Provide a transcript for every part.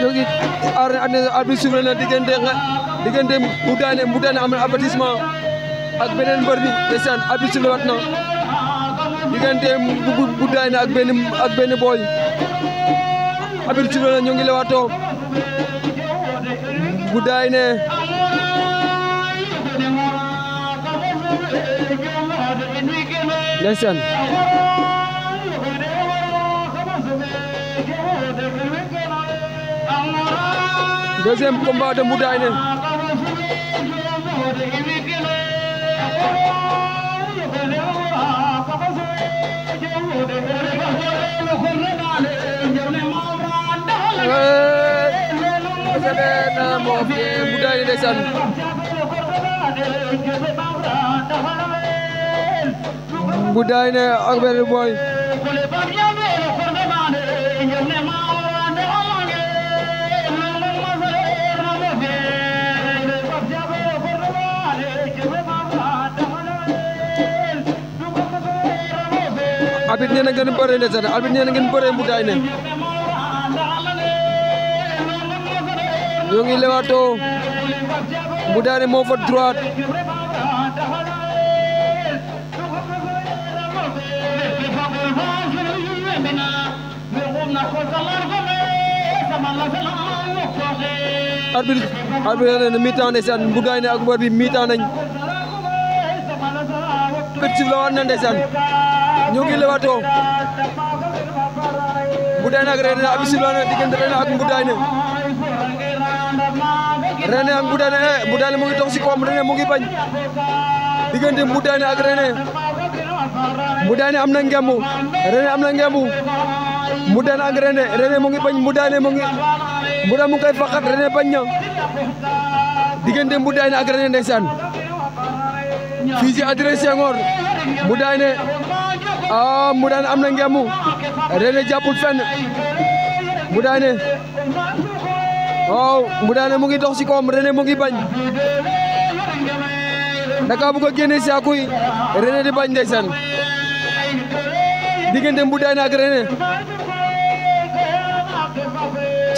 jógi ar arbitre sifflé na diggante diggante Mboudané Mboudané am na avertissement ak beneen mbër bi ndeysaan arbitre sifflé wat na diggante Mboudané ak benn ak benn booy arbitre sifflé na ñoo ngi lewaatoo Mboudané ndeysaan deuxième combat de Mboudaye na mo fi Mboudaye ndeysaan Mboudaye ne ak benn boy albit nee na ngeen bëree ndeysaan albit nee na ngeen bëree mbutaay ne ñoo ngi lewaatoo mbutaay ne moo fa droite arbitre arbitre nee Budaya mi-temps ndeysaan bu gaay ne ak Budaya di mi-temps nañ kët sif la waat na ndeysaan ñoo ngi lewaatoo bu daay ne ak René abi sif la na diggante René ak bu daay ne René ak bu muda nak rene rene mungkin mu muda bañ mungkin daane mungkin ngi rene panjang mu ngi koy faqat René bañ visi diggante or, daane ini, René ah mu am na ngemu René jàppul fenn mu daane waaw oh, mu daane mu ngi dox si kawam René mu ngi bañ daka bëgg di bañ ndeysaan diggante Mboudaye nak René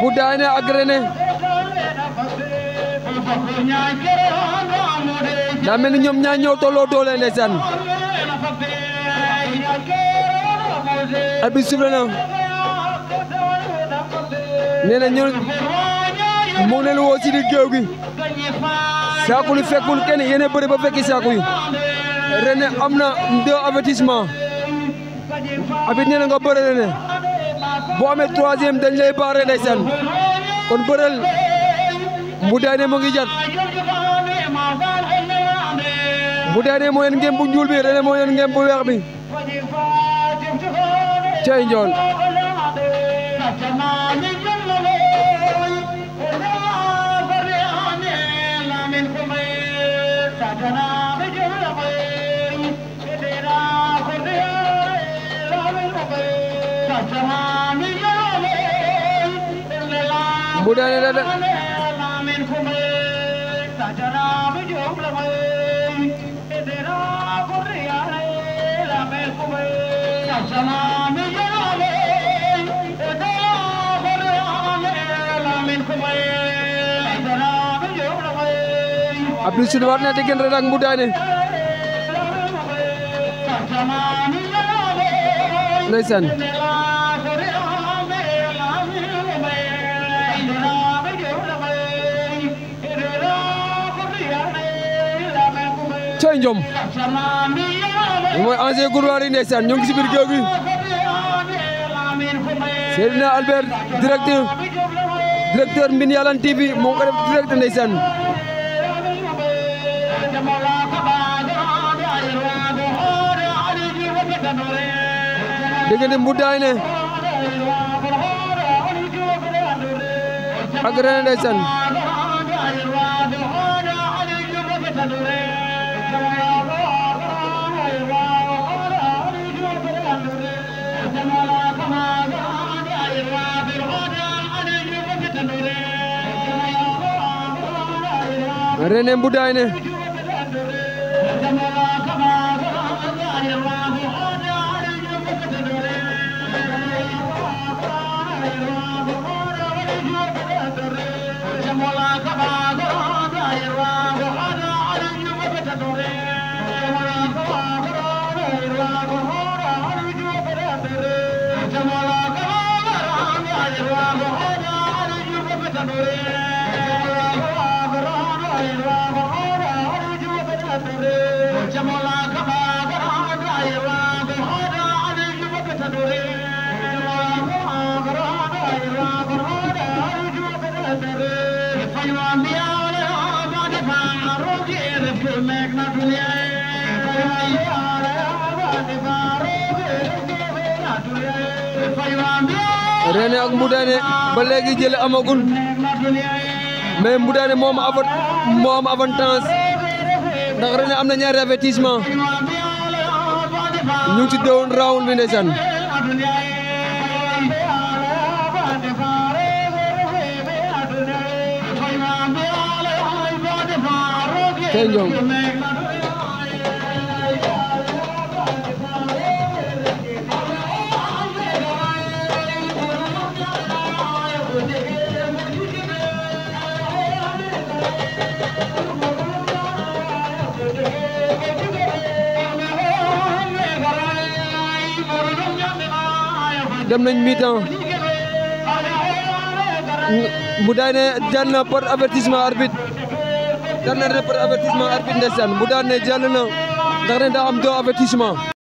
Boudane ak René daa mel ni ñoom ñaa ñëw tolloo doole ndeysaan abi sifle na nee na ñun leen woo si di géew gi saakul fekkul kenn yéen a fekki saaku yi am na deux avertissement abit nee na nga bëri boo amee troisième dañ lay baare ndeysaan kon bërël mu daane mu ngi jot mu daane moo ngeen bu ñuul bi rene moo ngeen bu weex bi cey njool Budak ya, ya, ya. ni dah. Abdul Sidwarnya tikin redang budak ni. Listen. Ndiaye Ndiom mooy ancien couloir yi ndeysaan ñoo si biir géew gi Seydina Albert directeur directeur Mbine Yalane TV moo ko def direct ndeysaan diggante mbuddaay Rene Mboudaine Thank you. René ak Mboudané ba léegi jële amagul mais Mboudané moom avant moo am avantage ndax René am na ñaari avertissement ñu ngi ci déwoon round bi change out. dem nañ mi-temps mu day ne jàll na par avertissement arbitre daan na repère avertissement arbitre ndeysaan bu daan ne jàll na ndax ren daa am deux avertissement